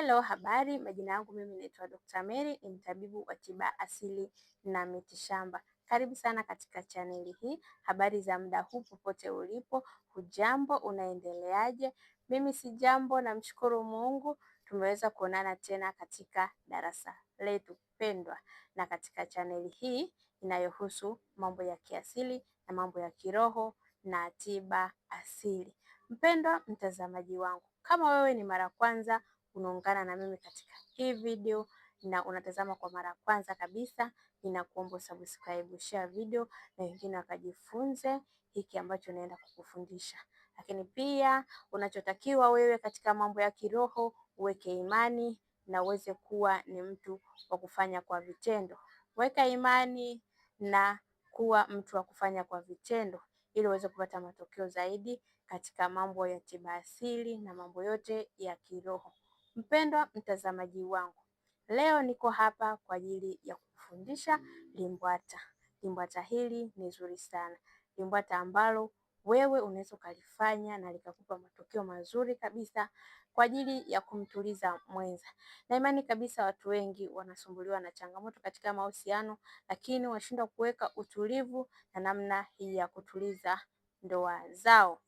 Hello, habari. Majina yangu mimi naitwa Dr. Mary, ni mtabibu wa tiba asili na mitishamba. Karibu sana katika chaneli hii. Habari za muda huu popote ulipo, hujambo? Unaendeleaje? Mimi si jambo, namshukuru Mungu. Tumeweza kuonana tena katika darasa letu pendwa na katika chaneli hii inayohusu mambo ya kiasili na mambo ya kiroho na tiba asili. Mpendwa mtazamaji wangu, kama wewe ni mara kwanza unaungana na mimi katika hii video na unatazama kwa mara ya kwanza kabisa, ninakuomba subscribe, share video na wengine wakajifunze hiki ambacho naenda kukufundisha. Lakini pia unachotakiwa wewe katika mambo ya kiroho, uweke imani na uweze kuwa ni mtu wa kufanya kwa vitendo. Weka imani na kuwa mtu wa kufanya kwa vitendo, ili uweze kupata matokeo zaidi katika mambo ya tiba asili na mambo yote ya kiroho. Mpendwa mtazamaji wangu, leo niko hapa kwa ajili ya kukufundisha limbwata. Limbwata hili ni zuri sana, limbwata ambalo wewe unaweza ukalifanya na likakupa matokeo mazuri kabisa kwa ajili ya kumtuliza mwenza. Na imani kabisa watu wengi wanasumbuliwa na changamoto katika mahusiano, lakini wanashindwa kuweka utulivu na namna hii ya kutuliza ndoa zao.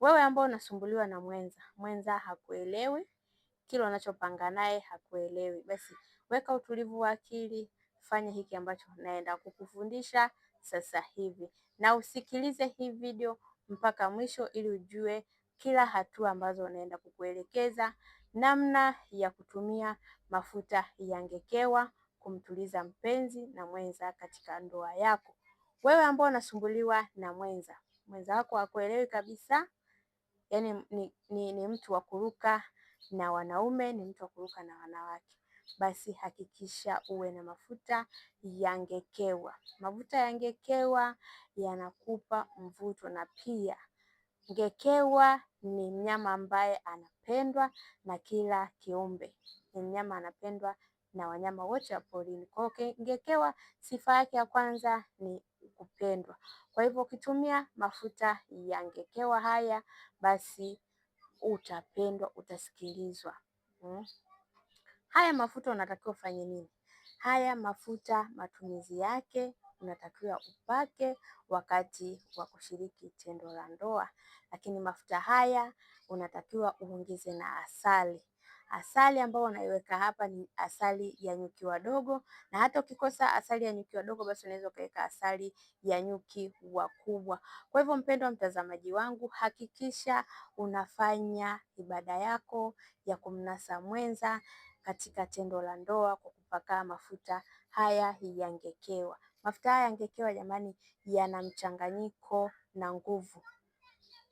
Wewe ambao unasumbuliwa na mwenza, mwenza hakuelewi kile unachopanga naye hakuelewi, basi weka utulivu wa akili, fanya hiki ambacho naenda kukufundisha sasa hivi, na usikilize hii video mpaka mwisho ili ujue kila hatua ambazo unaenda kukuelekeza namna ya kutumia mafuta ya ngekewa kumtuliza mpenzi na mwenza katika ndoa yako. Wewe ambao unasumbuliwa na mwenza, mwenza wako hakuelewi kabisa, yani ni, ni, ni mtu wa kuruka na wanaume ni mtu wa kuruka na wanawake, basi hakikisha uwe na mafuta ya Ngekewa. Mafuta ya Ngekewa yanakupa mvuto, na pia Ngekewa ni mnyama ambaye anapendwa na kila kiumbe, ni mnyama anapendwa na wanyama wote wa porini. Kwa hiyo Ngekewa sifa yake ya kwanza ni kupendwa. Kwa hivyo ukitumia mafuta ya Ngekewa haya basi utapendwa, utasikilizwa hmm? Haya mafuta unatakiwa ufanye nini? Haya mafuta matumizi yake unatakiwa upake wakati wa kushiriki tendo la ndoa, lakini mafuta haya unatakiwa uongeze na asali Asali ambayo wanaiweka hapa ni asali ya nyuki wadogo, na hata ukikosa asali ya nyuki wadogo, basi unaweza ukaweka asali ya nyuki wakubwa. Kwa hivyo, mpendwa mtazamaji wangu, hakikisha unafanya ibada yako ya kumnasa mwenza katika tendo la ndoa kwa kupaka mafuta haya ya ngekewa. Mafuta haya ya ngekewa jamani, yana mchanganyiko na nguvu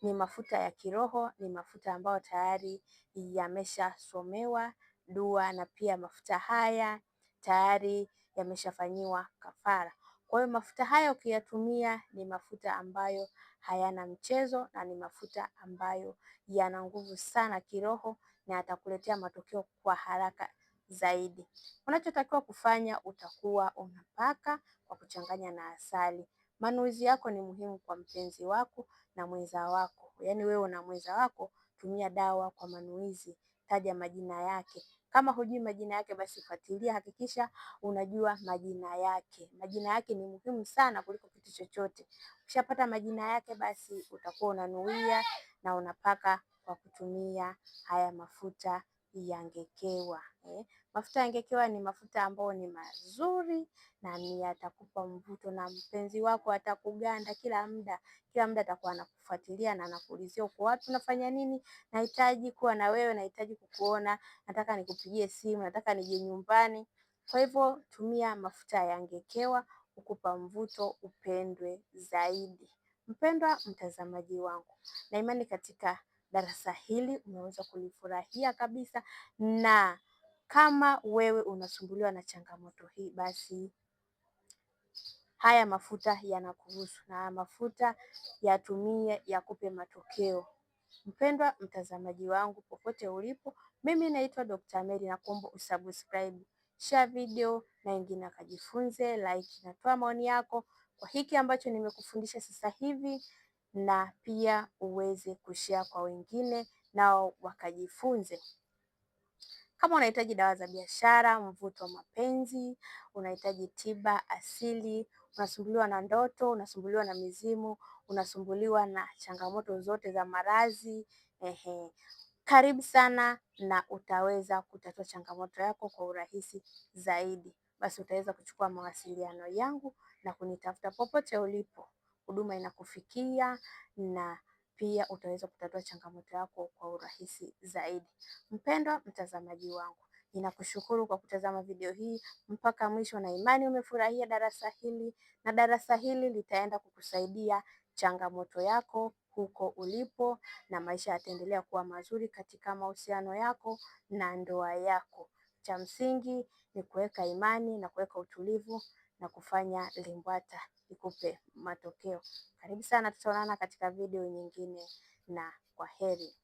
ni mafuta ya kiroho, ni mafuta ambayo tayari yameshasomewa dua na pia mafuta haya tayari yameshafanyiwa kafara. Kwa hiyo mafuta haya ukiyatumia ni mafuta ambayo hayana mchezo na ni mafuta ambayo yana nguvu sana kiroho na yatakuletea matokeo kwa haraka zaidi. Unachotakiwa kufanya utakuwa unapaka kwa kuchanganya na asali. Manuizi yako ni muhimu kwa mpenzi wako na mwenza wako, yaani wewe na mwenza wako tumia dawa kwa manuizi, taja majina yake. Kama hujui majina yake, basi fuatilia, hakikisha unajua majina yake. Majina yake ni muhimu sana kuliko kitu chochote. Ukishapata majina yake, basi utakuwa unanuia na unapaka kwa kutumia haya mafuta ya ngekewa eh. Mafuta ya ngekewa ni mafuta ambayo ni mazuri na ni yatakupa mvuto, na mpenzi wako atakuganda kila muda, kila muda atakuwa anakufuatilia na anakuulizia uko wapi, unafanya nini, nahitaji kuwa na wewe, nahitaji kukuona, nataka nikupigie simu, nataka nije nyumbani. Kwa hivyo tumia mafuta ya ngekewa kukupa mvuto, upendwe zaidi. Mpendwa mtazamaji wangu, na imani katika darasa hili umeweza kulifurahia kabisa, na kama wewe unasumbuliwa na changamoto hii, basi haya mafuta yanakuhusu, na haya mafuta yatumie, yakupe matokeo. Mpendwa mtazamaji wangu, popote ulipo, mimi naitwa Dr. na kuomba usubscribe, share video na wengine akajifunze, like na toa maoni yako kwa hiki ambacho nimekufundisha sasa hivi na pia uweze kushare kwa wengine nao wakajifunze. Kama unahitaji dawa za biashara, mvuto wa mapenzi, unahitaji tiba asili, unasumbuliwa na ndoto, unasumbuliwa na mizimu, unasumbuliwa na changamoto zote za maradhi, ehe, karibu sana na utaweza kutatua changamoto yako kwa urahisi zaidi. Basi utaweza kuchukua mawasiliano yangu na kunitafuta popote ulipo huduma inakufikia na pia utaweza kutatua changamoto yako kwa urahisi zaidi. Mpendwa mtazamaji wangu, ninakushukuru kwa kutazama video hii mpaka mwisho, na imani umefurahia darasa hili na darasa hili litaenda kukusaidia changamoto yako huko ulipo, na maisha yataendelea kuwa mazuri katika mahusiano yako na ndoa yako. Cha msingi ni kuweka imani na kuweka utulivu na kufanya limbwata ikupe matokeo. Karibu sana, tutaonana katika video nyingine na kwa heri.